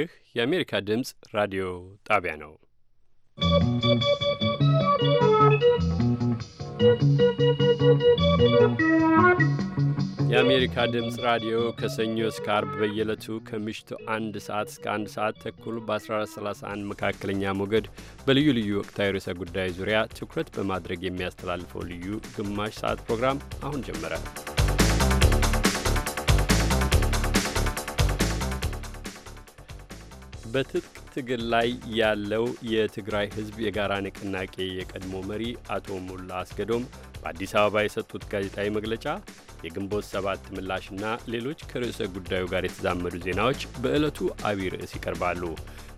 ይህ የአሜሪካ ድምፅ ራዲዮ ጣቢያ ነው። የአሜሪካ ድምፅ ራዲዮ ከሰኞ እስከ አርብ በየዕለቱ ከምሽቱ አንድ ሰዓት እስከ አንድ ሰዓት ተኩል በ1431 መካከለኛ ሞገድ በልዩ ልዩ ወቅታዊ ርዕሰ ጉዳይ ዙሪያ ትኩረት በማድረግ የሚያስተላልፈው ልዩ ግማሽ ሰዓት ፕሮግራም አሁን ጀመረ። በትጥቅ ትግል ላይ ያለው የትግራይ ህዝብ የጋራ ንቅናቄ የቀድሞ መሪ አቶ ሙላ አስገዶም በአዲስ አበባ የሰጡት ጋዜጣዊ መግለጫ፣ የግንቦት ሰባት ምላሽና ሌሎች ከርዕሰ ጉዳዩ ጋር የተዛመዱ ዜናዎች በዕለቱ አቢይ ርዕስ ይቀርባሉ።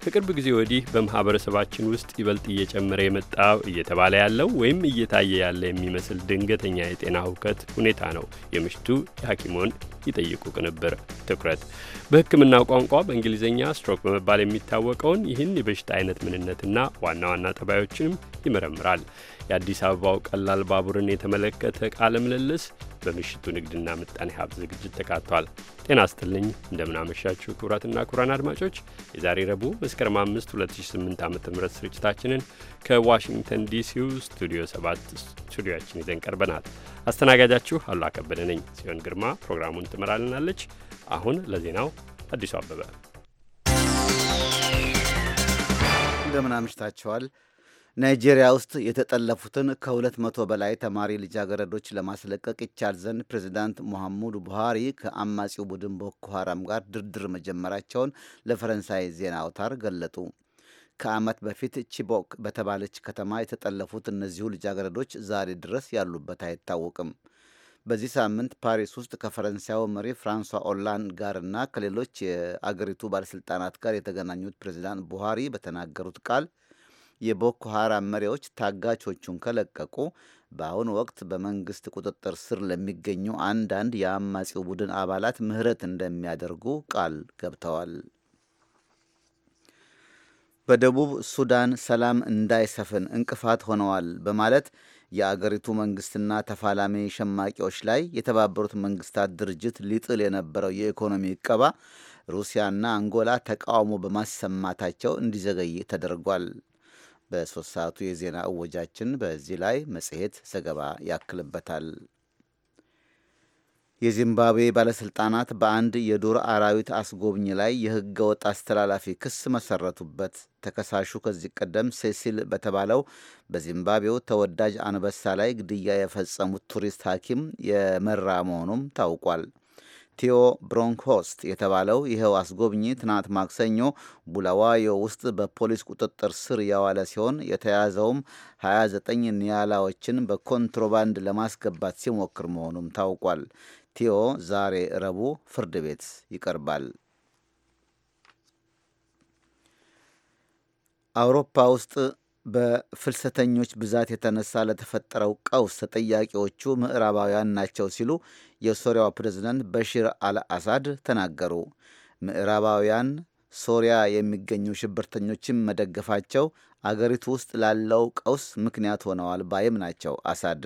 ከቅርብ ጊዜ ወዲህ በማህበረሰባችን ውስጥ ይበልጥ እየጨመረ የመጣው እየተባለ ያለው ወይም እየታየ ያለ የሚመስል ድንገተኛ የጤና ሁከት ሁኔታ ነው የምሽቱ ሐኪሞን ይጠይቁ ቅንብር ትኩረት በሕክምና ቋንቋ በእንግሊዝኛ ስትሮክ በመባል የሚታወቀውን ይህን የበሽታ አይነት ምንነትና ዋና ዋና ጠባዮችንም ይመረምራል። የአዲስ አበባው ቀላል ባቡርን የተመለከተ ቃለ ምልልስ በምሽቱ ንግድና ምጣኔ ሀብት ዝግጅት ተካቷል። ጤና ስጥልኝ እንደምናመሻችሁ ክቡራትና ክቡራን አድማጮች የዛሬ ረቡዕ የመስከረም 5 2008 ዓ ም ስርጭታችንን ከዋሽንግተን ዲሲው ስቱዲዮ 7 ስቱዲዮችን ይዘን ቀርበናል። አስተናጋጃችሁ አሉላ ከበደ ነኝ። ጽዮን ግርማ ፕሮግራሙን ትመራልናለች። አሁን ለዜናው አዲሱ አበበ እንደምን አምሽታችኋል። ናይጄሪያ ውስጥ የተጠለፉትን ከሁለት መቶ በላይ ተማሪ ልጃገረዶች ለማስለቀቅ ይቻል ዘንድ ፕሬዚዳንት ሙሐሙዱ ቡሃሪ ከአማጺው ቡድን ቦኮ ሐራም ጋር ድርድር መጀመራቸውን ለፈረንሳይ ዜና አውታር ገለጡ። ከዓመት በፊት ቺቦክ በተባለች ከተማ የተጠለፉት እነዚሁ ልጃገረዶች ዛሬ ድረስ ያሉበት አይታወቅም። በዚህ ሳምንት ፓሪስ ውስጥ ከፈረንሳዩ መሪ ፍራንሷ ኦላንድ ጋርና ከሌሎች የአገሪቱ ባለሥልጣናት ጋር የተገናኙት ፕሬዚዳንት ቡሃሪ በተናገሩት ቃል የቦኮ ሐራም መሪዎች ታጋቾቹን ከለቀቁ በአሁኑ ወቅት በመንግስት ቁጥጥር ስር ለሚገኙ አንዳንድ የአማጺው ቡድን አባላት ምህረት እንደሚያደርጉ ቃል ገብተዋል። በደቡብ ሱዳን ሰላም እንዳይሰፍን እንቅፋት ሆነዋል በማለት የአገሪቱ መንግስትና ተፋላሚ ሸማቂዎች ላይ የተባበሩት መንግስታት ድርጅት ሊጥል የነበረው የኢኮኖሚ እቀባ ሩሲያና አንጎላ ተቃውሞ በማሰማታቸው እንዲዘገይ ተደርጓል። በሶስት ሰዓቱ የዜና እወጃችን በዚህ ላይ መጽሔት ዘገባ ያክልበታል። የዚምባብዌ ባለሥልጣናት በአንድ የዱር አራዊት አስጎብኝ ላይ የሕገ ወጥ አስተላላፊ ክስ መሰረቱበት። ተከሳሹ ከዚህ ቀደም ሴሲል በተባለው በዚምባብዌው ተወዳጅ አንበሳ ላይ ግድያ የፈጸሙት ቱሪስት ሐኪም የመራ መሆኑም ታውቋል። ቴዎ ብሮንክሆስት የተባለው ይኸው አስጎብኚ ትናንት ማክሰኞ ቡላዋዮ ውስጥ በፖሊስ ቁጥጥር ስር ያዋለ ሲሆን የተያዘውም 29 ኒያላዎችን በኮንትሮባንድ ለማስገባት ሲሞክር መሆኑም ታውቋል። ቴዎ ዛሬ ረቡዕ ፍርድ ቤት ይቀርባል። አውሮፓ ውስጥ በፍልሰተኞች ብዛት የተነሳ ለተፈጠረው ቀውስ ተጠያቂዎቹ ምዕራባውያን ናቸው ሲሉ የሶሪያው ፕሬዝደንት በሽር አልአሳድ ተናገሩ። ምዕራባውያን ሶሪያ የሚገኙ ሽብርተኞችን መደገፋቸው አገሪቱ ውስጥ ላለው ቀውስ ምክንያት ሆነዋል ባይም ናቸው አሳድ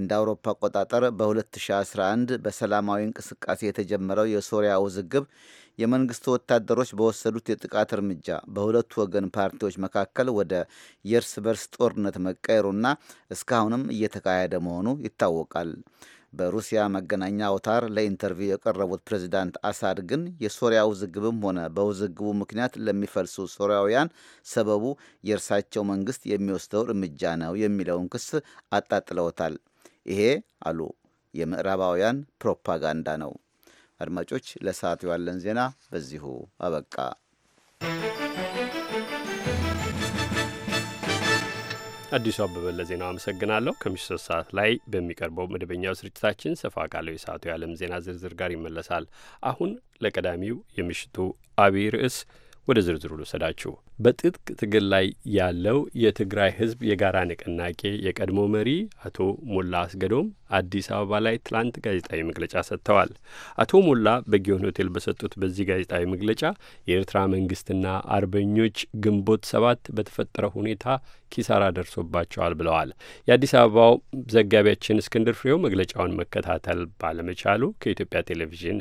እንደ አውሮፓ አቆጣጠር በ2011 በሰላማዊ እንቅስቃሴ የተጀመረው የሶሪያ ውዝግብ የመንግስቱ ወታደሮች በወሰዱት የጥቃት እርምጃ በሁለቱ ወገን ፓርቲዎች መካከል ወደ የእርስ በርስ ጦርነት መቀየሩና እስካሁንም እየተካሄደ መሆኑ ይታወቃል። በሩሲያ መገናኛ አውታር ለኢንተርቪው የቀረቡት ፕሬዚዳንት አሳድ ግን የሶሪያ ውዝግብም ሆነ በውዝግቡ ምክንያት ለሚፈልሱ ሶሪያውያን ሰበቡ የእርሳቸው መንግስት የሚወስደው እርምጃ ነው የሚለውን ክስ አጣጥለውታል። ይሄ አሉ የምዕራባውያን ፕሮፓጋንዳ ነው። አድማጮች፣ ለሰዓቱ ያለን ዜና በዚሁ አበቃ። አዲሱ አበበ ለዜናው አመሰግናለሁ። ከምሽቱ ሶስት ሰዓት ላይ በሚቀርበው መደበኛው ስርጭታችን ሰፋ ቃለው የሰዓቱ የዓለም ዜና ዝርዝር ጋር ይመለሳል። አሁን ለቀዳሚው የምሽቱ አብይ ርዕስ ወደ ዝርዝሩ ልውሰዳችሁ። በትጥቅ ትግል ላይ ያለው የትግራይ ህዝብ የጋራ ንቅናቄ የቀድሞ መሪ አቶ ሞላ አስገዶም አዲስ አበባ ላይ ትላንት ጋዜጣዊ መግለጫ ሰጥተዋል። አቶ ሞላ በጊዮን ሆቴል በሰጡት በዚህ ጋዜጣዊ መግለጫ የኤርትራ መንግስትና አርበኞች ግንቦት ሰባት በተፈጠረ ሁኔታ ኪሳራ ደርሶባቸዋል ብለዋል። የአዲስ አበባው ዘጋቢያችን እስክንድር ፍሬው መግለጫውን መከታተል ባለመቻሉ ከኢትዮጵያ ቴሌቪዥን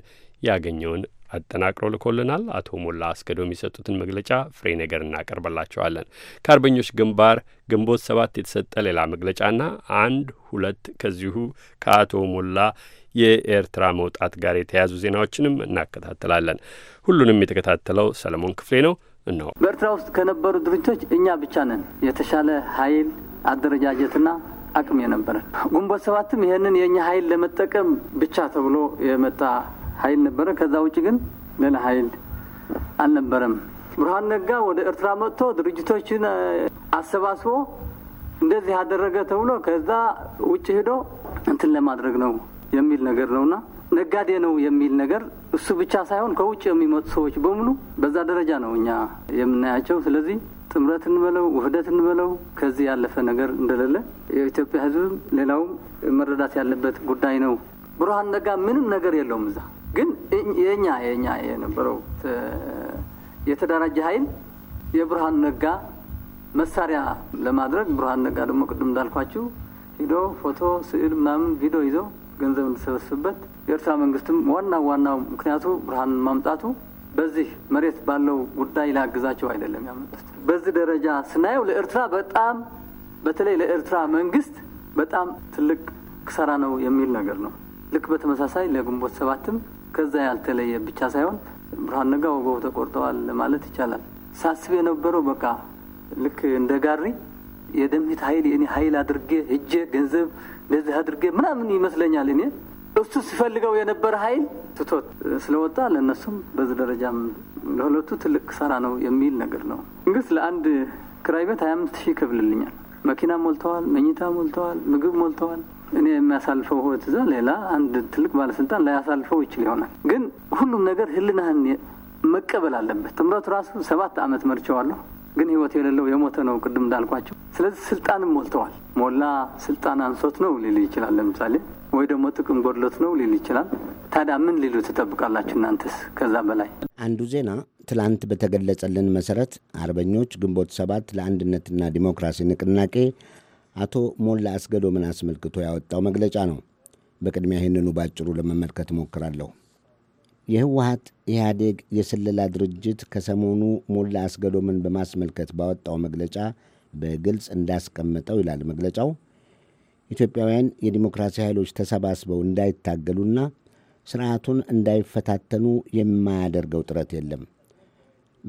ያገኘውን አጠናቅሮ ልኮልናል። አቶ ሞላ አስገዶም የሰጡትን መግለጫ ፍሬ ነገር እናቀርበላቸዋለን። ከአርበኞች ግንባር ግንቦት ሰባት የተሰጠ ሌላ መግለጫና አንድ ሁለት ከዚሁ ከአቶ ሞላ የኤርትራ መውጣት ጋር የተያያዙ ዜናዎችንም እናከታተላለን። ሁሉንም የተከታተለው ሰለሞን ክፍሌ ነው። እነሆ በኤርትራ ውስጥ ከነበሩ ድርጅቶች እኛ ብቻ ነን የተሻለ ኃይል አደረጃጀትና አቅም የነበረን። ግንቦት ሰባትም ይህንን የእኛ ኃይል ለመጠቀም ብቻ ተብሎ የመጣ ኃይል ነበረ። ከዛ ውጭ ግን ሌላ ኃይል አልነበረም። ብርሃን ነጋ ወደ ኤርትራ መጥቶ ድርጅቶችን አሰባስቦ እንደዚህ ያደረገ ተብሎ ከዛ ውጭ ሄዶ እንትን ለማድረግ ነው የሚል ነገር ነውና ነጋዴ ነው የሚል ነገር እሱ ብቻ ሳይሆን ከውጭ የሚመጡ ሰዎች በሙሉ በዛ ደረጃ ነው እኛ የምናያቸው። ስለዚህ ጥምረት እንበለው ውህደት እንበለው ከዚህ ያለፈ ነገር እንደሌለ የኢትዮጵያ ሕዝብም ሌላውም መረዳት ያለበት ጉዳይ ነው። ብርሃን ነጋ ምንም ነገር የለውም እዛ ግን የኛ የኛ የነበረው የተደራጀ ኃይል የብርሃን ነጋ መሳሪያ ለማድረግ ብርሃን ነጋ ደግሞ ቅድም እንዳልኳችሁ ሂዶ ፎቶ፣ ስዕል፣ ምናምን ቪዲዮ ይዞ ገንዘብ እንዲሰበስብበት የኤርትራ መንግስትም ዋና ዋናው ምክንያቱ ብርሃን ማምጣቱ በዚህ መሬት ባለው ጉዳይ ላግዛቸው አይደለም ያመጡት። በዚህ ደረጃ ስናየው ለኤርትራ በጣም በተለይ ለኤርትራ መንግስት በጣም ትልቅ ክሰራ ነው የሚል ነገር ነው። ልክ በተመሳሳይ ለግንቦት ሰባትም ከዛ ያልተለየ ብቻ ሳይሆን ብርሃን ነጋ ወገቡ ተቆርጠዋል ማለት ይቻላል። ሳስብ የነበረው በቃ ልክ እንደ ጋሪ የደምት ኃይል የእኔ ኃይል አድርጌ እጄ ገንዘብ እንደዚህ አድርጌ ምናምን ይመስለኛል እኔ እሱ ሲፈልገው የነበረ ኃይል ትቶት ስለወጣ ለእነሱም በዚህ ደረጃም ለሁለቱ ትልቅ ሰራ ነው የሚል ነገር ነው። መንግስት ለአንድ ክራይ ቤት ሀያ አምስት ሺህ ይከፍልልኛል። መኪና ሞልተዋል፣ መኝታ ሞልተዋል፣ ምግብ ሞልተዋል። እኔ የሚያሳልፈው ህይወት እዛ ሌላ አንድ ትልቅ ባለስልጣን ላያሳልፈው ይችል ይሆናል። ግን ሁሉም ነገር ህልናህን መቀበል አለበት። ጥምረቱ ራሱ ሰባት ዓመት መርቸዋለሁ፣ ግን ህይወት የሌለው የሞተ ነው፣ ቅድም እንዳልኳቸው። ስለዚህ ስልጣንም ሞልተዋል። ሞላ ስልጣን አንሶት ነው ሊል ይችላል ለምሳሌ፣ ወይ ደግሞ ጥቅም ጎድሎት ነው ሊል ይችላል። ታዲያ ምን ሊሉ ትጠብቃላችሁ እናንተስ? ከዛ በላይ አንዱ ዜና ትላንት በተገለጸልን መሰረት አርበኞች ግንቦት ሰባት ለአንድነትና ዲሞክራሲ ንቅናቄ አቶ ሞላ አስገዶምን አስመልክቶ ያወጣው መግለጫ ነው። በቅድሚያ ይህንኑ ባጭሩ ለመመልከት እሞክራለሁ። የህወሀት ኢህአዴግ የስለላ ድርጅት ከሰሞኑ ሞላ አስገዶምን በማስመልከት ባወጣው መግለጫ በግልጽ እንዳስቀመጠው ይላል መግለጫው ኢትዮጵያውያን የዲሞክራሲ ኃይሎች ተሰባስበው እንዳይታገሉና ስርዓቱን እንዳይፈታተኑ የማያደርገው ጥረት የለም።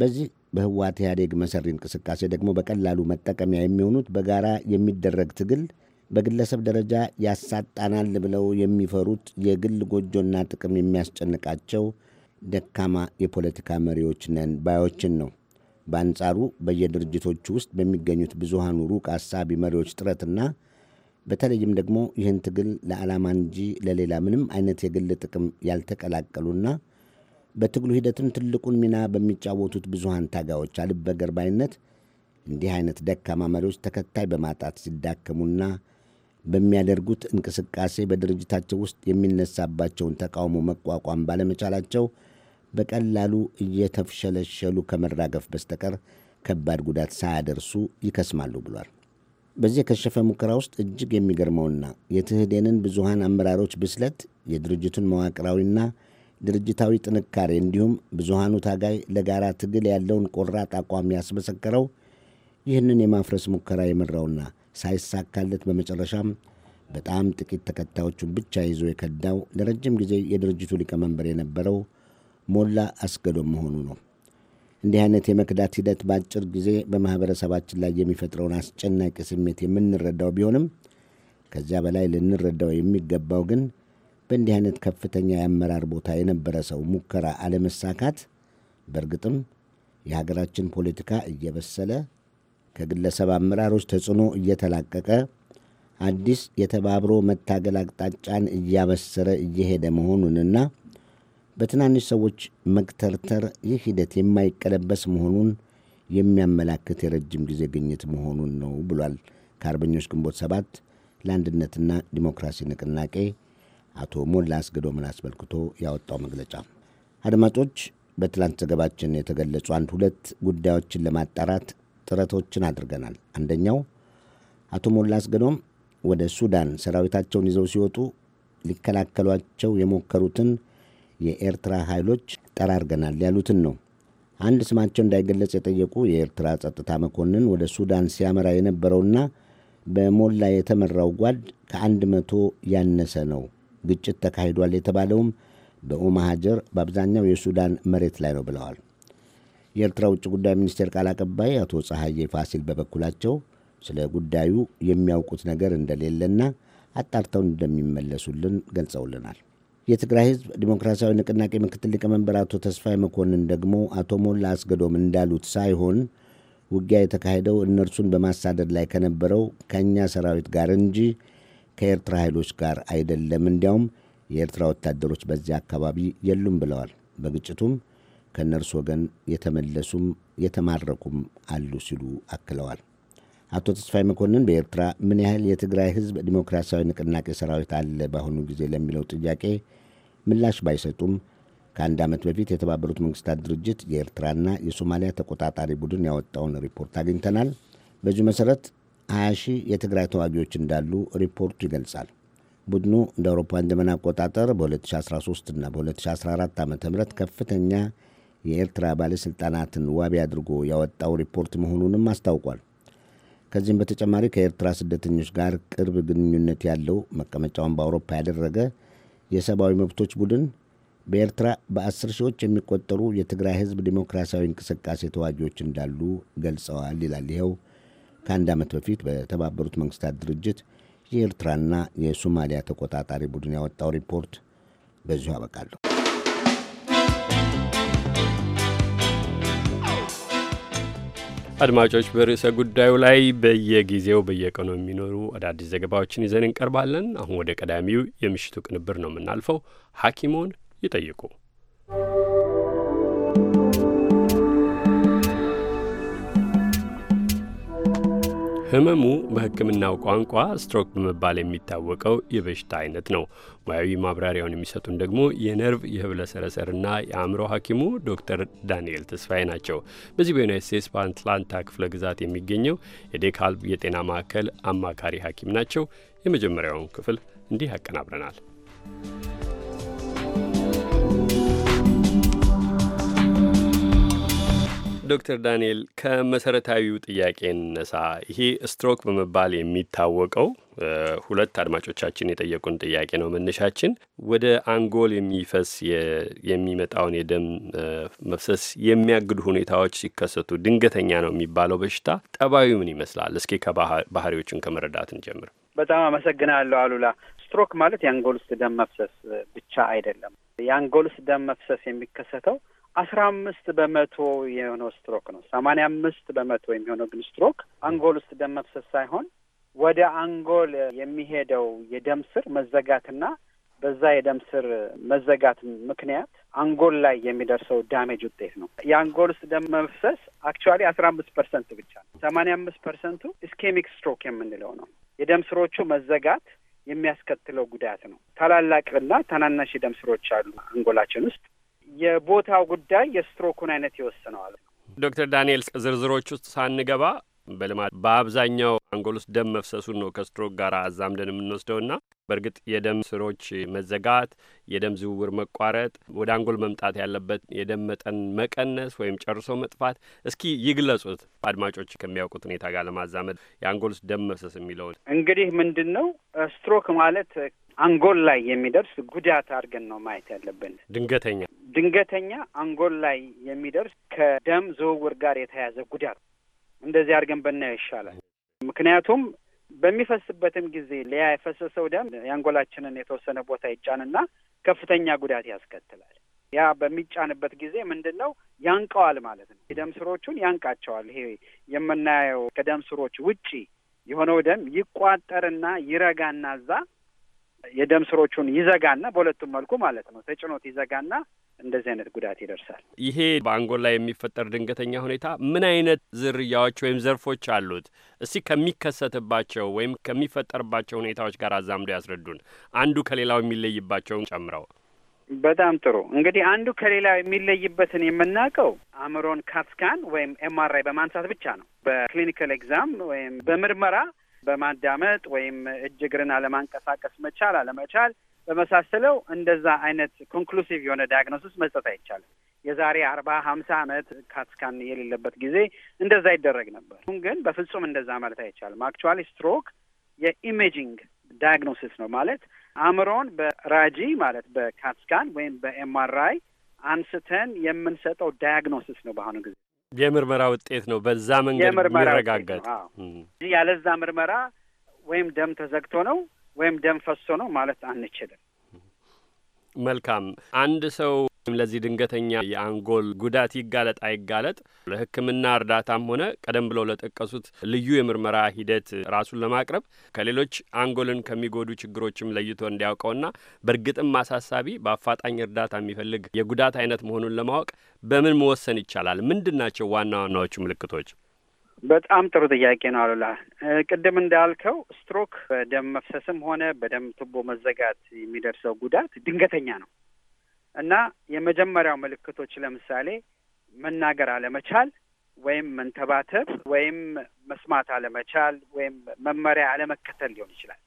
በዚህ በህወሓት ኢህአዴግ መሰሪ እንቅስቃሴ ደግሞ በቀላሉ መጠቀሚያ የሚሆኑት በጋራ የሚደረግ ትግል በግለሰብ ደረጃ ያሳጣናል ብለው የሚፈሩት የግል ጎጆና ጥቅም የሚያስጨንቃቸው ደካማ የፖለቲካ መሪዎች ነን ባዮችን ነው። በአንጻሩ በየድርጅቶቹ ውስጥ በሚገኙት ብዙሃኑ ሩቅ አሳቢ መሪዎች ጥረትና በተለይም ደግሞ ይህን ትግል ለዓላማ እንጂ ለሌላ ምንም አይነት የግል ጥቅም ያልተቀላቀሉና በትግሉ ሂደትም ትልቁን ሚና በሚጫወቱት ብዙሀን ታጋዮች አልበገር ባይነት እንዲህ አይነት ደካማ መሪዎች ተከታይ በማጣት ሲዳከሙና በሚያደርጉት እንቅስቃሴ በድርጅታቸው ውስጥ የሚነሳባቸውን ተቃውሞ መቋቋም ባለመቻላቸው በቀላሉ እየተፍሸለሸሉ ከመራገፍ በስተቀር ከባድ ጉዳት ሳያደርሱ ይከስማሉ ብሏል። በዚህ የከሸፈ ሙከራ ውስጥ እጅግ የሚገርመውና የትህዴንን ብዙሀን አመራሮች ብስለት የድርጅቱን መዋቅራዊና ድርጅታዊ ጥንካሬ እንዲሁም ብዙሃኑ ታጋይ ለጋራ ትግል ያለውን ቆራጥ አቋም ያስመሰከረው ይህንን የማፍረስ ሙከራ የመራውና ሳይሳካለት በመጨረሻም በጣም ጥቂት ተከታዮቹን ብቻ ይዞ የከዳው ለረጅም ጊዜ የድርጅቱ ሊቀመንበር የነበረው ሞላ አስገዶም መሆኑ ነው። እንዲህ አይነት የመክዳት ሂደት በአጭር ጊዜ በማኅበረሰባችን ላይ የሚፈጥረውን አስጨናቂ ስሜት የምንረዳው ቢሆንም ከዚያ በላይ ልንረዳው የሚገባው ግን በእንዲህ አይነት ከፍተኛ የአመራር ቦታ የነበረ ሰው ሙከራ አለመሳካት በእርግጥም የሀገራችን ፖለቲካ እየበሰለ ከግለሰብ አመራሮች ተጽዕኖ እየተላቀቀ አዲስ የተባብሮ መታገል አቅጣጫን እያበሰረ እየሄደ መሆኑንና በትናንሽ ሰዎች መግተርተር ይህ ሂደት የማይቀለበስ መሆኑን የሚያመላክት የረጅም ጊዜ ግኝት መሆኑን ነው ብሏል። ከአርበኞች ግንቦት ሰባት ለአንድነትና ዲሞክራሲ ንቅናቄ አቶ ሞላ አስገዶምን አስመልክቶ ያወጣው መግለጫ። አድማጮች፣ በትላንት ዘገባችን የተገለጹ አንድ ሁለት ጉዳዮችን ለማጣራት ጥረቶችን አድርገናል። አንደኛው አቶ ሞላ አስገዶም ወደ ሱዳን ሰራዊታቸውን ይዘው ሲወጡ ሊከላከሏቸው የሞከሩትን የኤርትራ ኃይሎች ጠራርገናል ያሉትን ነው። አንድ ስማቸው እንዳይገለጽ የጠየቁ የኤርትራ ጸጥታ መኮንን ወደ ሱዳን ሲያመራ የነበረውና በሞላ የተመራው ጓድ ከአንድ መቶ ያነሰ ነው ግጭት ተካሂዷል የተባለውም በኡማ ሀጀር በአብዛኛው የሱዳን መሬት ላይ ነው ብለዋል። የኤርትራ ውጭ ጉዳይ ሚኒስቴር ቃል አቀባይ አቶ ፀሐዬ ፋሲል በበኩላቸው ስለ ጉዳዩ የሚያውቁት ነገር እንደሌለና አጣርተው እንደሚመለሱልን ገልጸውልናል። የትግራይ ህዝብ ዲሞክራሲያዊ ንቅናቄ ምክትል ሊቀመንበር አቶ ተስፋይ መኮንን ደግሞ አቶ ሞላ አስገዶም እንዳሉት ሳይሆን ውጊያ የተካሄደው እነርሱን በማሳደድ ላይ ከነበረው ከእኛ ሰራዊት ጋር እንጂ ከኤርትራ ኃይሎች ጋር አይደለም፣ እንዲያውም የኤርትራ ወታደሮች በዚያ አካባቢ የሉም ብለዋል። በግጭቱም ከእነርሱ ወገን የተመለሱም የተማረኩም አሉ ሲሉ አክለዋል። አቶ ተስፋይ መኮንን በኤርትራ ምን ያህል የትግራይ ህዝብ ዲሞክራሲያዊ ንቅናቄ ሰራዊት አለ በአሁኑ ጊዜ ለሚለው ጥያቄ ምላሽ ባይሰጡም ከአንድ ዓመት በፊት የተባበሩት መንግስታት ድርጅት የኤርትራና የሶማሊያ ተቆጣጣሪ ቡድን ያወጣውን ሪፖርት አግኝተናል። በዚሁ መሠረት ሀያ ሺህ የትግራይ ተዋጊዎች እንዳሉ ሪፖርቱ ይገልጻል። ቡድኑ እንደ አውሮፓውያን ዘመን አቆጣጠር በ2013 እና በ2014 ዓ ም ከፍተኛ የኤርትራ ባለሥልጣናትን ዋቢ አድርጎ ያወጣው ሪፖርት መሆኑንም አስታውቋል። ከዚህም በተጨማሪ ከኤርትራ ስደተኞች ጋር ቅርብ ግንኙነት ያለው መቀመጫውን በአውሮፓ ያደረገ የሰብአዊ መብቶች ቡድን በኤርትራ በአስር ሺዎች የሚቆጠሩ የትግራይ ሕዝብ ዲሞክራሲያዊ እንቅስቃሴ ተዋጊዎች እንዳሉ ገልጸዋል ይላል ይኸው ከአንድ ዓመት በፊት በተባበሩት መንግስታት ድርጅት የኤርትራና የሶማሊያ ተቆጣጣሪ ቡድን ያወጣው ሪፖርት በዚሁ አበቃለሁ። አድማጮች፣ በርዕሰ ጉዳዩ ላይ በየጊዜው በየቀኑ የሚኖሩ አዳዲስ ዘገባዎችን ይዘን እንቀርባለን። አሁን ወደ ቀዳሚው የምሽቱ ቅንብር ነው የምናልፈው። ሐኪሞን ይጠይቁ ህመሙ በሕክምናው ቋንቋ ስትሮክ በመባል የሚታወቀው የበሽታ አይነት ነው። ሙያዊ ማብራሪያውን የሚሰጡን ደግሞ የነርቭ የህብለሰረሰርና የአእምሮ ሐኪሙ ዶክተር ዳንኤል ተስፋዬ ናቸው። በዚህ በዩናይት ስቴትስ በአትላንታ ክፍለ ግዛት የሚገኘው የዴካልብ የጤና ማዕከል አማካሪ ሐኪም ናቸው። የመጀመሪያውን ክፍል እንዲህ ያቀናብረናል። ዶክተር ዳንኤል ከመሰረታዊው ጥያቄ እንነሳ። ይሄ ስትሮክ በመባል የሚታወቀው ሁለት አድማጮቻችን የጠየቁን ጥያቄ ነው መነሻችን። ወደ አንጎል የሚፈስ የሚመጣውን የደም መፍሰስ የሚያግዱ ሁኔታዎች ሲከሰቱ ድንገተኛ ነው የሚባለው በሽታ ጠባዩ ምን ይመስላል? እስኪ ከባህሪዎቹን ከመረዳት እንጀምር። በጣም አመሰግናለሁ አሉላ። ስትሮክ ማለት የአንጎል ውስጥ ደም መፍሰስ ብቻ አይደለም። የአንጎል ውስጥ ደም መፍሰስ የሚከሰተው አስራ አምስት በመቶ የሆነው ስትሮክ ነው። ሰማንያ አምስት በመቶ የሚሆነው ግን ስትሮክ አንጎል ውስጥ ደም መፍሰስ ሳይሆን ወደ አንጎል የሚሄደው የደም ስር መዘጋትና በዛ የደም ስር መዘጋት ምክንያት አንጎል ላይ የሚደርሰው ዳሜጅ ውጤት ነው። የአንጎል ውስጥ ደም መፍሰስ አክቹዋሊ አስራ አምስት ፐርሰንት ብቻ ነው። ሰማንያ አምስት ፐርሰንቱ ኢስኬሚክ ስትሮክ የምንለው ነው። የደም ስሮቹ መዘጋት የሚያስከትለው ጉዳት ነው። ታላላቅና ታናናሽ የደም ስሮች አሉ አንጎላችን ውስጥ የቦታው ጉዳይ የስትሮኩን አይነት ይወስነዋል። ዶክተር ዳንኤል ዝርዝሮች ውስጥ ሳንገባ በልማት በአብዛኛው አንጎል ውስጥ ደም መፍሰሱን ነው ከስትሮክ ጋር አዛምደን ና በእርግጥ የደም ስሮች መዘጋት፣ የደም ዝውውር መቋረጥ፣ ወደ አንጎል መምጣት ያለበት የደም መጠን መቀነስ ወይም ጨርሶ መጥፋት እስኪ ይግለጹት አድማጮች ከሚያውቁት ሁኔታ ጋር ለማዛመድ የአንጎል ውስጥ ደም መፍሰስ የሚለውን እንግዲህ ምንድን ነው ስትሮክ ማለት አንጎል ላይ የሚደርስ ጉዳት አድርገን ነው ማየት ያለብን። ድንገተኛ ድንገተኛ አንጎል ላይ የሚደርስ ከደም ዝውውር ጋር የተያያዘ ጉዳት እንደዚህ አድርገን ብናየው ይሻላል። ምክንያቱም በሚፈስበትም ጊዜ ሊያ የፈሰሰው ደም የአንጎላችንን የተወሰነ ቦታ ይጫንና ከፍተኛ ጉዳት ያስከትላል። ያ በሚጫንበት ጊዜ ምንድን ነው ያንቀዋል ማለት ነው። የደም ስሮቹን ያንቃቸዋል። ይሄ የምናየው ከደም ስሮች ውጪ የሆነው ደም ይቋጠርና ይረጋና እዛ የደም ስሮቹን ይዘጋና በሁለቱም መልኩ ማለት ነው ተጭኖት ይዘጋና እንደዚህ አይነት ጉዳት ይደርሳል። ይሄ በአንጎል ላይ የሚፈጠር ድንገተኛ ሁኔታ ምን አይነት ዝርያዎች ወይም ዘርፎች አሉት? እስቲ ከሚከሰትባቸው ወይም ከሚፈጠርባቸው ሁኔታዎች ጋር አዛምዶ ያስረዱን፣ አንዱ ከሌላው የሚለይባቸውን ጨምረው። በጣም ጥሩ እንግዲህ አንዱ ከሌላው የሚለይበትን የምናውቀው አእምሮን ካትስካን ወይም ኤምአርአይ በማንሳት ብቻ ነው። በክሊኒካል ኤግዛም ወይም በምርመራ በማዳመጥ ወይም እጅ እግርን አለማንቀሳቀስ መቻል አለመቻል በመሳሰለው እንደዛ አይነት ኮንክሉሲቭ የሆነ ዳያግኖሲስ መስጠት አይቻልም። የዛሬ አርባ ሀምሳ ዓመት ካትስካን የሌለበት ጊዜ እንደዛ ይደረግ ነበር። አሁን ግን በፍጹም እንደዛ ማለት አይቻልም። አክቹዋሊ ስትሮክ የኢሜጂንግ ዳያግኖሲስ ነው ማለት አእምሮን በራጂ ማለት በካትስካን ወይም በኤምአርአይ አንስተን የምንሰጠው ዳያግኖሲስ ነው በአሁኑ ጊዜ የምርመራ ውጤት ነው። በዛ መንገድ የሚረጋገጥ ያለዛ ምርመራ ወይም ደም ተዘግቶ ነው ወይም ደም ፈሶ ነው ማለት አንችልም። መልካም። አንድ ሰው ለዚህ ድንገተኛ የአንጎል ጉዳት ይጋለጥ አይጋለጥ ለሕክምና እርዳታም ሆነ ቀደም ብለው ለጠቀሱት ልዩ የምርመራ ሂደት ራሱን ለማቅረብ ከሌሎች አንጎልን ከሚጎዱ ችግሮችም ለይቶ እንዲያውቀውና በእርግጥም ማሳሳቢ በአፋጣኝ እርዳታ የሚፈልግ የጉዳት አይነት መሆኑን ለማወቅ በምን መወሰን ይቻላል? ምንድን ናቸው ዋና ዋናዎቹ ምልክቶች? በጣም ጥሩ ጥያቄ ነው አሉላ። ቅድም እንዳልከው ስትሮክ በደም መፍሰስም ሆነ በደም ቱቦ መዘጋት የሚደርሰው ጉዳት ድንገተኛ ነው እና የመጀመሪያው ምልክቶች ለምሳሌ መናገር አለመቻል ወይም መንተባተብ ወይም መስማት አለመቻል ወይም መመሪያ አለመከተል ሊሆን ይችላል።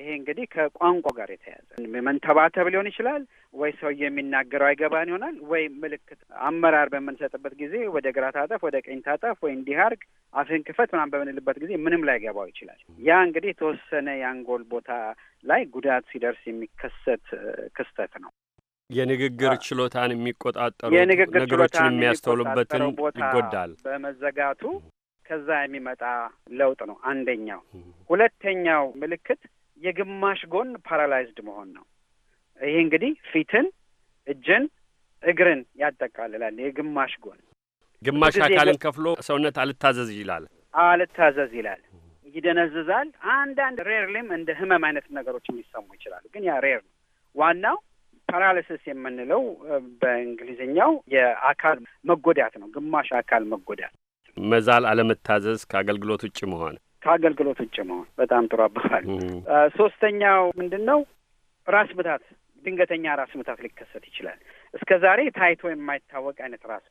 ይሄ እንግዲህ ከቋንቋ ጋር የተያዘ መንተባተብ ሊሆን ይችላል ወይ ሰው የሚናገረው አይገባን ይሆናል ወይ ምልክት አመራር በምንሰጥበት ጊዜ ወደ ግራ ታጠፍ፣ ወደ ቀኝ ታጠፍ ወይ እንዲህ አርግ፣ አፍህን ክፈት ምናምን በምንልበት ጊዜ ምንም ላይ ገባው ይችላል። ያ እንግዲህ የተወሰነ የአንጎል ቦታ ላይ ጉዳት ሲደርስ የሚከሰት ክስተት ነው። የንግግር ችሎታን የሚቆጣጠሩ የንግግር ችሎታን የሚያስተውሉበትን ይጎዳል በመዘጋቱ ከዛ የሚመጣ ለውጥ ነው አንደኛው። ሁለተኛው ምልክት የግማሽ ጎን ፓራላይዝድ መሆን ነው። ይሄ እንግዲህ ፊትን፣ እጅን፣ እግርን ያጠቃልላል። የግማሽ ጎን ግማሽ አካልን ከፍሎ ሰውነት አልታዘዝ ይላል አልታዘዝ ይላል፣ ይደነዝዛል። አንዳንድ ሬርሊም እንደ ህመም አይነት ነገሮች ሊሰሙ ይችላሉ፣ ግን ያ ሬር ነው። ዋናው ፓራሊሲስ የምንለው በእንግሊዝኛው የአካል መጎዳት ነው። ግማሽ አካል መጎዳት፣ መዛል፣ አለመታዘዝ፣ ከአገልግሎት ውጭ መሆን ከአገልግሎት ውጭ መሆን። በጣም ጥሩ አባባል። ሶስተኛው ምንድን ነው? ራስ ምታት፣ ድንገተኛ ራስ ምታት ሊከሰት ይችላል። እስከ ዛሬ ታይቶ የማይታወቅ አይነት ራስ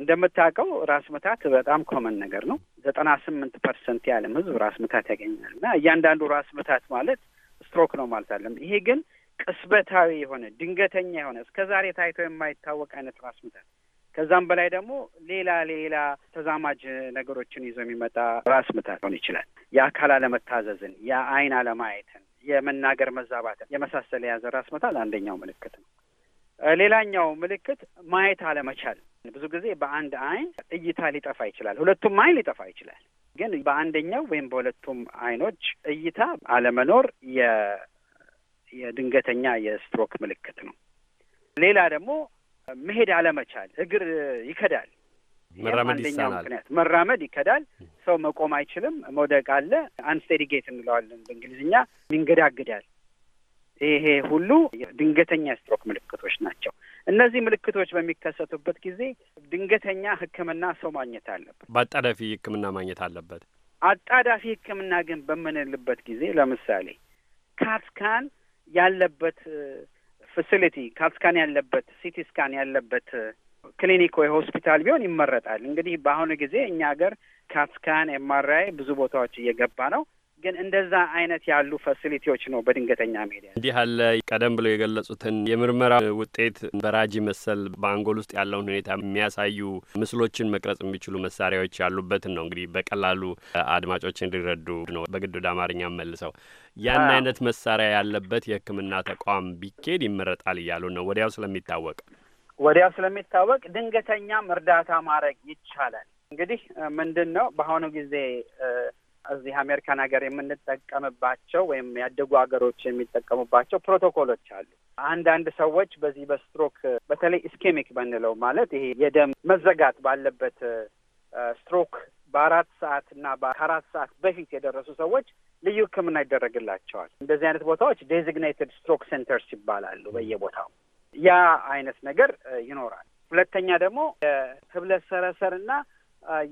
እንደምታውቀው ራስ ምታት በጣም ኮመን ነገር ነው። ዘጠና ስምንት ፐርሰንት የዓለም ሕዝብ ራስ ምታት ያገኛል እና እያንዳንዱ ራስ ምታት ማለት ስትሮክ ነው ማለት አለም። ይሄ ግን ቅስበታዊ የሆነ ድንገተኛ የሆነ እስከ ዛሬ ታይቶ የማይታወቅ አይነት ራስ ምታት ከዛም በላይ ደግሞ ሌላ ሌላ ተዛማጅ ነገሮችን ይዞ የሚመጣ ራስ ምታት ሆን ይችላል። የአካል አለመታዘዝን፣ የአይን አለማየትን፣ የመናገር መዛባትን የመሳሰለ የያዘ ራስ ምታት አንደኛው ምልክት ነው። ሌላኛው ምልክት ማየት አለመቻል። ብዙ ጊዜ በአንድ አይን እይታ ሊጠፋ ይችላል። ሁለቱም አይን ሊጠፋ ይችላል። ግን በአንደኛው ወይም በሁለቱም አይኖች እይታ አለመኖር የድንገተኛ የስትሮክ ምልክት ነው። ሌላ ደግሞ መሄድ አለመቻል፣ እግር ይከዳል። መራመድ ይሳናል። ምክንያት መራመድ ይከዳል። ሰው መቆም አይችልም። መውደቅ አለ። አንስቴዲጌት እንለዋለን በእንግሊዝኛ ይንገዳግዳል። ይሄ ሁሉ ድንገተኛ ስትሮክ ምልክቶች ናቸው። እነዚህ ምልክቶች በሚከሰቱበት ጊዜ ድንገተኛ ሕክምና ሰው ማግኘት አለበት። በአጣዳፊ ሕክምና ማግኘት አለበት። አጣዳፊ ሕክምና ግን በምንልበት ጊዜ ለምሳሌ ካትካን ያለበት ፋሲሊቲ ካትስካን ያለበት ሲቲ ስካን ያለበት ክሊኒክ ወይ ሆስፒታል ቢሆን ይመረጣል። እንግዲህ በአሁኑ ጊዜ እኛ ሀገር ካትስካን ኤምአርአይ ብዙ ቦታዎች እየገባ ነው። ግን እንደዛ አይነት ያሉ ፋሲሊቲዎች ነው በድንገተኛ ሜዲያ እንዲህ አለ። ቀደም ብለው የገለጹትን የምርመራ ውጤት በራጅ መሰል በአንጎል ውስጥ ያለውን ሁኔታ የሚያሳዩ ምስሎችን መቅረጽ የሚችሉ መሳሪያዎች ያሉበትን ነው። እንግዲህ በቀላሉ አድማጮች እንዲረዱ ነው በግድ ወደ አማርኛ መልሰው ያን አይነት መሳሪያ ያለበት የሕክምና ተቋም ቢኬድ ይመረጣል እያሉ ነው። ወዲያው ስለሚታወቅ ወዲያው ስለሚታወቅ ድንገተኛም እርዳታ ማድረግ ይቻላል። እንግዲህ ምንድን ነው በአሁኑ ጊዜ እዚህ አሜሪካን ሀገር የምንጠቀምባቸው ወይም ያደጉ ሀገሮች የሚጠቀሙባቸው ፕሮቶኮሎች አሉ። አንዳንድ ሰዎች በዚህ በስትሮክ በተለይ ኢስኬሚክ ብንለው ማለት ይሄ የደም መዘጋት ባለበት ስትሮክ በአራት ሰዓት እና ከአራት ሰዓት በፊት የደረሱ ሰዎች ልዩ ሕክምና ይደረግላቸዋል። እንደዚህ አይነት ቦታዎች ዴዚግኔትድ ስትሮክ ሴንተርስ ይባላሉ በየቦታው ያ አይነት ነገር ይኖራል። ሁለተኛ ደግሞ የህብለት ሰረሰር እና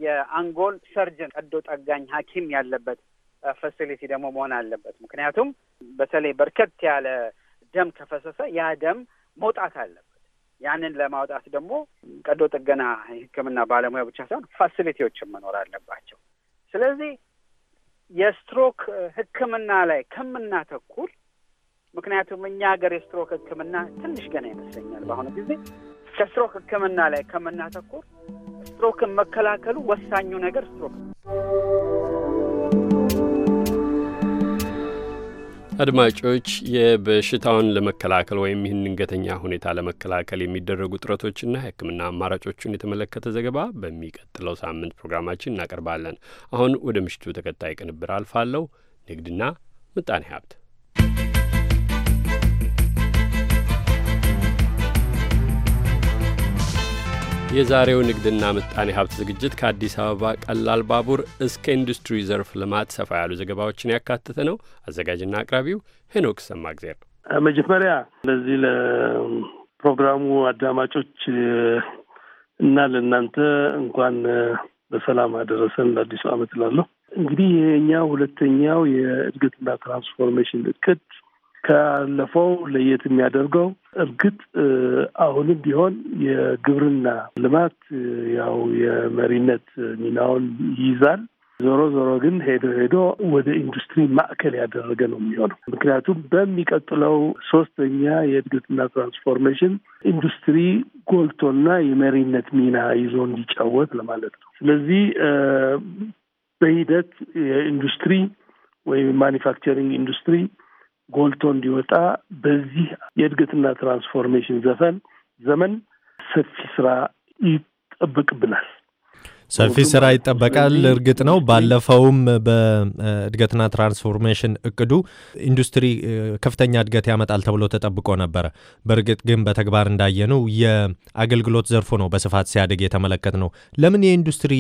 የአንጎል ሰርጅን ቀዶ ጠጋኝ ሐኪም ያለበት ፋሲሊቲ ደግሞ መሆን አለበት። ምክንያቱም በተለይ በርከት ያለ ደም ከፈሰሰ ያ ደም መውጣት አለበት። ያንን ለማውጣት ደግሞ ቀዶ ጥገና ሕክምና ባለሙያ ብቻ ሳይሆን ፋሲሊቲዎችን መኖር አለባቸው። ስለዚህ የስትሮክ ሕክምና ላይ ከምናተኩር ምክንያቱም እኛ ሀገር የስትሮክ ሕክምና ትንሽ ገና ይመስለኛል በአሁኑ ጊዜ ከስትሮክ ሕክምና ላይ ከምናተኩር ስትሮክን መከላከሉ ወሳኙ ነገር ስትሮክ። አድማጮች የበሽታውን ለመከላከል ወይም ይህን ድንገተኛ ሁኔታ ለመከላከል የሚደረጉ ጥረቶችና የሕክምና አማራጮቹን የተመለከተ ዘገባ በሚቀጥለው ሳምንት ፕሮግራማችን እናቀርባለን። አሁን ወደ ምሽቱ ተከታይ ቅንብር አልፋለሁ። ንግድና ምጣኔ ሀብት የዛሬው ንግድና ምጣኔ ሀብት ዝግጅት ከአዲስ አበባ ቀላል ባቡር እስከ ኢንዱስትሪ ዘርፍ ልማት ሰፋ ያሉ ዘገባዎችን ያካተተ ነው። አዘጋጅና አቅራቢው ሄኖክ ሰማግዜር። መጀመሪያ ለዚህ ለፕሮግራሙ አዳማጮች እና ለእናንተ እንኳን በሰላም አደረሰን ለአዲሱ ዓመት እላለሁ። እንግዲህ ይሄኛው ሁለተኛው የእድገትና ትራንስፎርሜሽን እቅድ ካለፈው ለየት የሚያደርገው እርግጥ አሁንም ቢሆን የግብርና ልማት ያው የመሪነት ሚናውን ይይዛል። ዞሮ ዞሮ ግን ሄዶ ሄዶ ወደ ኢንዱስትሪ ማዕከል ያደረገ ነው የሚሆነው። ምክንያቱም በሚቀጥለው ሶስተኛ የእድገትና ትራንስፎርሜሽን ኢንዱስትሪ ጎልቶና የመሪነት ሚና ይዞ እንዲጫወት ለማለት ነው። ስለዚህ በሂደት የኢንዱስትሪ ወይም ማኒፋክቸሪንግ ኢንዱስትሪ ጎልቶ እንዲወጣ በዚህ የእድገትና ትራንስፎርሜሽን ዘፈን ዘመን ሰፊ ስራ ይጠበቅብናል። ሰፊ ስራ ይጠበቃል። እርግጥ ነው ባለፈውም በእድገትና ትራንስፎርሜሽን እቅዱ ኢንዱስትሪ ከፍተኛ እድገት ያመጣል ተብሎ ተጠብቆ ነበረ። በእርግጥ ግን በተግባር እንዳየነው የአገልግሎት ዘርፉ ነው በስፋት ሲያድግ የተመለከት ነው። ለምን የኢንዱስትሪ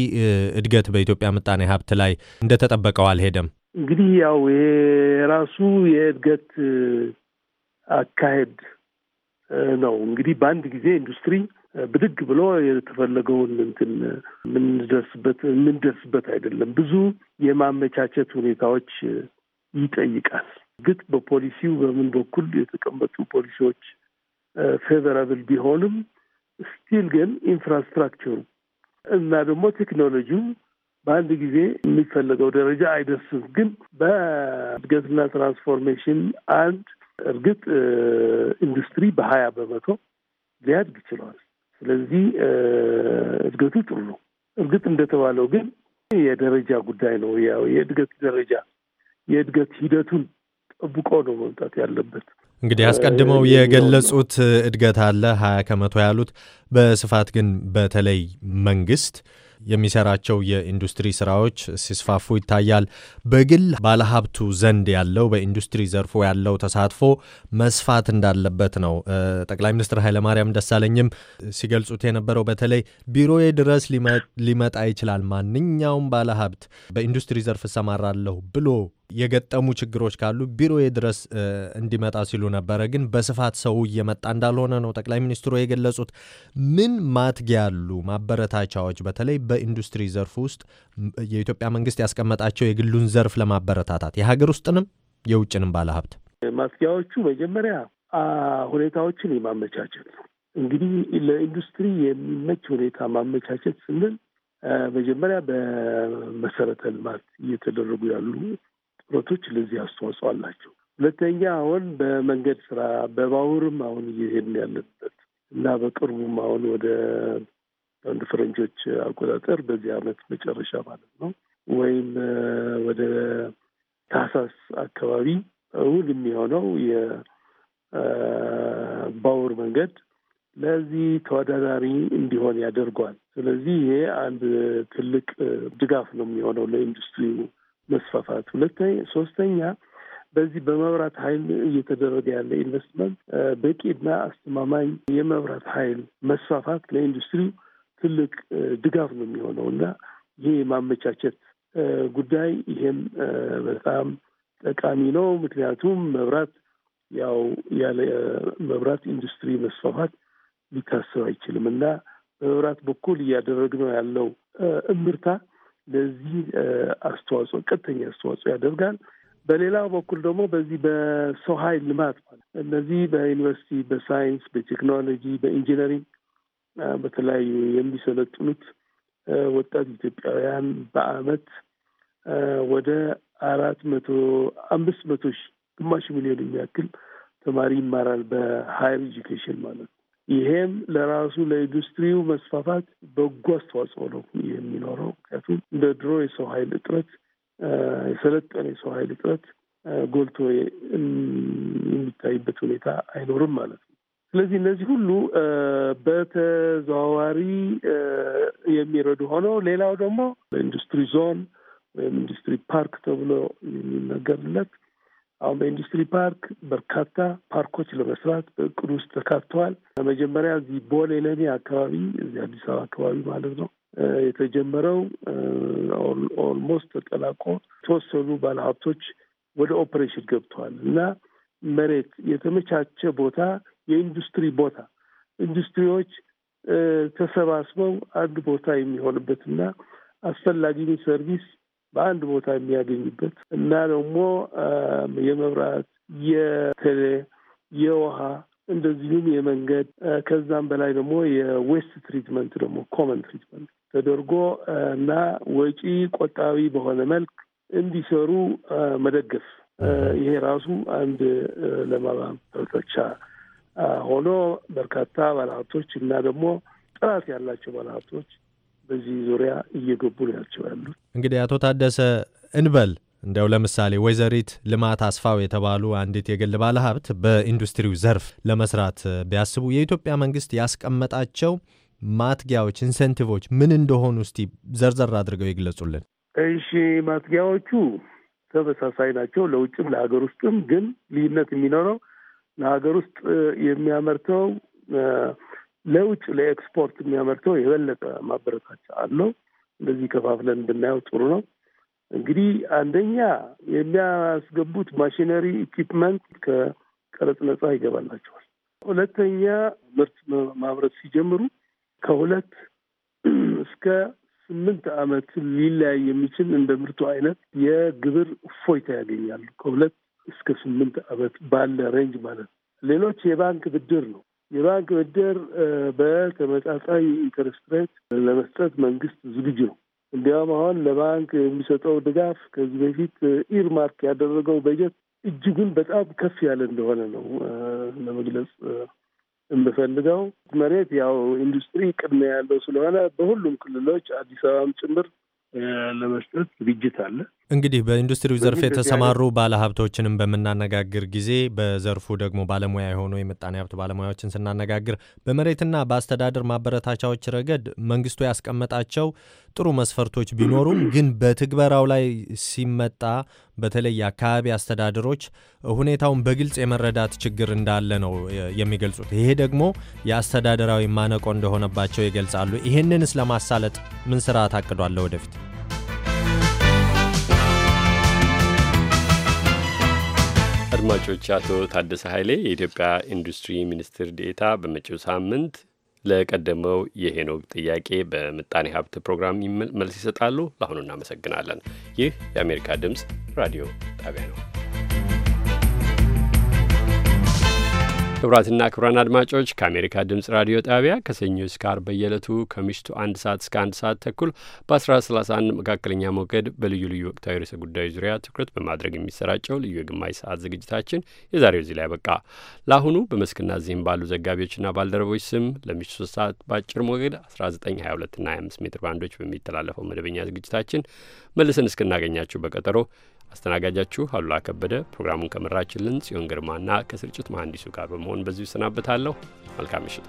እድገት በኢትዮጵያ ምጣኔ ሀብት ላይ እንደተጠበቀው አልሄደም? እንግዲህ ያው የራሱ የእድገት አካሄድ ነው። እንግዲህ በአንድ ጊዜ ኢንዱስትሪ ብድግ ብሎ የተፈለገውን እንትን የምንደርስበት የምንደርስበት አይደለም። ብዙ የማመቻቸት ሁኔታዎች ይጠይቃል። ግጥ በፖሊሲው በምን በኩል የተቀመጡ ፖሊሲዎች ፌቨራብል ቢሆንም ስቲል ግን ኢንፍራስትራክቸሩ እና ደግሞ ቴክኖሎጂው በአንድ ጊዜ የሚፈለገው ደረጃ አይደርስም። ግን በእድገትና ትራንስፎርሜሽን አንድ እርግጥ ኢንዱስትሪ በሀያ በመቶ ሊያድግ ይችለዋል። ስለዚህ እድገቱ ጥሩ ነው። እርግጥ እንደተባለው ግን የደረጃ ጉዳይ ነው። ያው የእድገት ደረጃ የእድገት ሂደቱን ጠብቆ ነው መምጣት ያለበት። እንግዲህ አስቀድመው የገለጹት እድገት አለ ሀያ ከመቶ ያሉት በስፋት ግን በተለይ መንግስት የሚሰራቸው የኢንዱስትሪ ስራዎች ሲስፋፉ ይታያል። በግል ባለሀብቱ ዘንድ ያለው በኢንዱስትሪ ዘርፎ ያለው ተሳትፎ መስፋት እንዳለበት ነው ጠቅላይ ሚኒስትር ኃይለማርያም ደሳለኝም ሲገልጹት የነበረው። በተለይ ቢሮዬ ድረስ ሊመጣ ይችላል ማንኛውም ባለሀብት በኢንዱስትሪ ዘርፍ እሰማራለሁ ብሎ የገጠሙ ችግሮች ካሉ ቢሮዬ ድረስ እንዲመጣ ሲሉ ነበረ። ግን በስፋት ሰው እየመጣ እንዳልሆነ ነው ጠቅላይ ሚኒስትሩ የገለጹት። ምን ማትጊያ ያሉ ማበረታቻዎች በተለይ በኢንዱስትሪ ዘርፍ ውስጥ የኢትዮጵያ መንግስት ያስቀመጣቸው የግሉን ዘርፍ ለማበረታታት የሀገር ውስጥንም የውጭንም ባለሀብት ማትጊያዎቹ መጀመሪያ ሁኔታዎችን የማመቻቸት ነው። እንግዲህ ለኢንዱስትሪ የሚመች ሁኔታ ማመቻቸት ስንል መጀመሪያ በመሰረተ ልማት እየተደረጉ ያሉ ትኩረቶች ለዚህ አስተዋጽኦ አላቸው። ሁለተኛ አሁን በመንገድ ስራ በባቡርም አሁን እየሄድን ያለበት እና በቅርቡም አሁን ወደ አንድ ፈረንጆች አቆጣጠር በዚህ አመት መጨረሻ ማለት ነው ወይም ወደ ታህሳስ አካባቢ እውን የሚሆነው የባቡር መንገድ ለዚህ ተወዳዳሪ እንዲሆን ያደርገዋል። ስለዚህ ይሄ አንድ ትልቅ ድጋፍ ነው የሚሆነው ለኢንዱስትሪው መስፋፋት፣ ሁለተኛ ሶስተኛ በዚህ በመብራት ኃይል እየተደረገ ያለ ኢንቨስትመንት በቂና አስተማማኝ የመብራት ኃይል መስፋፋት ለኢንዱስትሪው ትልቅ ድጋፍ ነው የሚሆነው እና ይህ የማመቻቸት ጉዳይ ይሄም በጣም ጠቃሚ ነው። ምክንያቱም መብራት ያው ያለ መብራት ኢንዱስትሪ መስፋፋት ሊታሰብ አይችልም እና በመብራት በኩል እያደረግነው ያለው እምርታ ለዚህ አስተዋጽኦ ቀጥተኛ አስተዋጽኦ ያደርጋል። በሌላ በኩል ደግሞ በዚህ በሰው ኃይል ልማት ማለት እነዚህ በዩኒቨርሲቲ በሳይንስ፣ በቴክኖሎጂ፣ በኢንጂነሪንግ በተለያዩ የሚሰለጥኑት ወጣት ኢትዮጵያውያን በአመት ወደ አራት መቶ አምስት መቶ ሺህ ግማሽ ሚሊዮን የሚያክል ተማሪ ይማራል በሀይር ኤጁኬሽን ማለት ነው። ይሄም ለራሱ ለኢንዱስትሪው መስፋፋት በጎ አስተዋጽኦ ነው የሚኖረው። ምክንያቱም እንደ ድሮ የሰው ኃይል እጥረት የሰለጠነ የሰው ኃይል እጥረት ጎልቶ የሚታይበት ሁኔታ አይኖርም ማለት ነው። ስለዚህ እነዚህ ሁሉ በተዘዋዋሪ የሚረዱ ሆነው፣ ሌላው ደግሞ ኢንዱስትሪ ዞን ወይም ኢንዱስትሪ ፓርክ ተብሎ የሚነገርለት አሁን በኢንዱስትሪ ፓርክ በርካታ ፓርኮች ለመስራት እቅድ ውስጥ ተካተዋል። በመጀመሪያ እዚህ ቦሌ ለኔ አካባቢ እዚህ አዲስ አበባ አካባቢ ማለት ነው የተጀመረው ኦልሞስት ተጠናቆ የተወሰኑ ባለሀብቶች ወደ ኦፕሬሽን ገብተዋል እና መሬት የተመቻቸ ቦታ የኢንዱስትሪ ቦታ ኢንዱስትሪዎች ተሰባስበው አንድ ቦታ የሚሆንበትና አስፈላጊውን ሰርቪስ በአንድ ቦታ የሚያገኙበት እና ደግሞ የመብራት፣ የቴሌ፣ የውሃ እንደዚሁም የመንገድ ከዛም በላይ ደግሞ የዌስት ትሪትመንት ደግሞ ኮመን ትሪትመንት ተደርጎ እና ወጪ ቆጣቢ በሆነ መልክ እንዲሰሩ መደገፍ ይሄ ራሱ አንድ ለማበረታቻ ሆኖ በርካታ ባለሀብቶች እና ደግሞ ጥራት ያላቸው ባለሀብቶች በዚህ ዙሪያ እየገቡ ናቸው ያሉት። እንግዲህ አቶ ታደሰ እንበል እንደው ለምሳሌ ወይዘሪት ልማት አስፋው የተባሉ አንዲት የግል ባለሀብት በኢንዱስትሪው ዘርፍ ለመስራት ቢያስቡ የኢትዮጵያ መንግስት ያስቀመጣቸው ማትጊያዎች፣ ኢንሴንቲቮች ምን እንደሆኑ እስቲ ዘርዘር አድርገው ይግለጹልን። እሺ፣ ማትጊያዎቹ ተመሳሳይ ናቸው ለውጭም ለሀገር ውስጥም። ግን ልዩነት የሚኖረው ለሀገር ውስጥ የሚያመርተው ለውጭ ለኤክስፖርት የሚያመርተው የበለጠ ማበረታቻ አለው። እንደዚህ ከፋፍለን ብናየው ጥሩ ነው። እንግዲህ አንደኛ የሚያስገቡት ማሽነሪ ኢኪፕመንት ከቀረጽ ነጻ ይገባላቸዋል። ሁለተኛ ምርት ማምረት ሲጀምሩ ከሁለት እስከ ስምንት ዓመት ሊለያይ የሚችል እንደ ምርቱ አይነት የግብር እፎይታ ያገኛሉ። ከሁለት እስከ ስምንት ዓመት ባለ ሬንጅ ማለት ነው። ሌሎች የባንክ ብድር ነው። የባንክ ብድር በተመጣጣኝ ኢንተረስት ሬት ለመስጠት መንግስት ዝግጁ ነው። እንዲያውም አሁን ለባንክ የሚሰጠው ድጋፍ ከዚህ በፊት ኢርማርክ ያደረገው በጀት እጅጉን በጣም ከፍ ያለ እንደሆነ ነው ለመግለጽ የምፈልገው። መሬት ያው ኢንዱስትሪ ቅድሚያ ያለው ስለሆነ በሁሉም ክልሎች አዲስ አበባም ጭምር ለመስጠት ዝግጅት አለ። እንግዲህ በኢንዱስትሪው ዘርፍ የተሰማሩ ባለሀብቶችንም በምናነጋግር ጊዜ በዘርፉ ደግሞ ባለሙያ የሆኑ የምጣኔ ሀብት ባለሙያዎችን ስናነጋግር በመሬትና በአስተዳደር ማበረታቻዎች ረገድ መንግስቱ ያስቀመጣቸው ጥሩ መስፈርቶች ቢኖሩም ግን በትግበራው ላይ ሲመጣ በተለይ የአካባቢ አስተዳደሮች ሁኔታውን በግልጽ የመረዳት ችግር እንዳለ ነው የሚገልጹት። ይሄ ደግሞ የአስተዳደራዊ ማነቆ እንደሆነባቸው ይገልጻሉ። ይህንንስ ለማሳለጥ ምን ስራ ታቅዷል ወደፊት? አድማጮች አቶ ታደሰ ኃይሌ የኢትዮጵያ ኢንዱስትሪ ሚኒስትር ዴታ በመጪው ሳምንት ለቀደመው የሄኖክ ጥያቄ በምጣኔ ሀብት ፕሮግራም መልስ ይሰጣሉ። ለአሁኑ እናመሰግናለን። ይህ የአሜሪካ ድምፅ ራዲዮ ጣቢያ ነው። ክቡራትና ክቡራን አድማጮች ከአሜሪካ ድምጽ ራዲዮ ጣቢያ ከሰኞ እስከ ዓርብ በየዕለቱ ከምሽቱ አንድ ሰዓት እስከ አንድ ሰዓት ተኩል በ1131 መካከለኛ ሞገድ በልዩ ልዩ ወቅታዊ ርዕሰ ጉዳዮች ዙሪያ ትኩረት በማድረግ የሚሰራጨው ልዩ የግማሽ ሰዓት ዝግጅታችን የዛሬው እዚህ ላይ በቃ። ለአሁኑ በመስክና ዚህም ባሉ ዘጋቢዎችና ባልደረቦች ስም ለምሽቱ ሶስት ሰዓት በአጭር ሞገድ 1922 22ና 25 ሜትር ባንዶች በሚተላለፈው መደበኛ ዝግጅታችን መልሰን እስክናገኛችሁ በቀጠሮ አስተናጋጃችሁ አሉላ ከበደ፣ ፕሮግራሙን ከመራችልን ጽዮን ግርማና ከስርጭት መሐንዲሱ ጋር በመሆን በዚሁ ይሰናበታለሁ። መልካም ምሽት።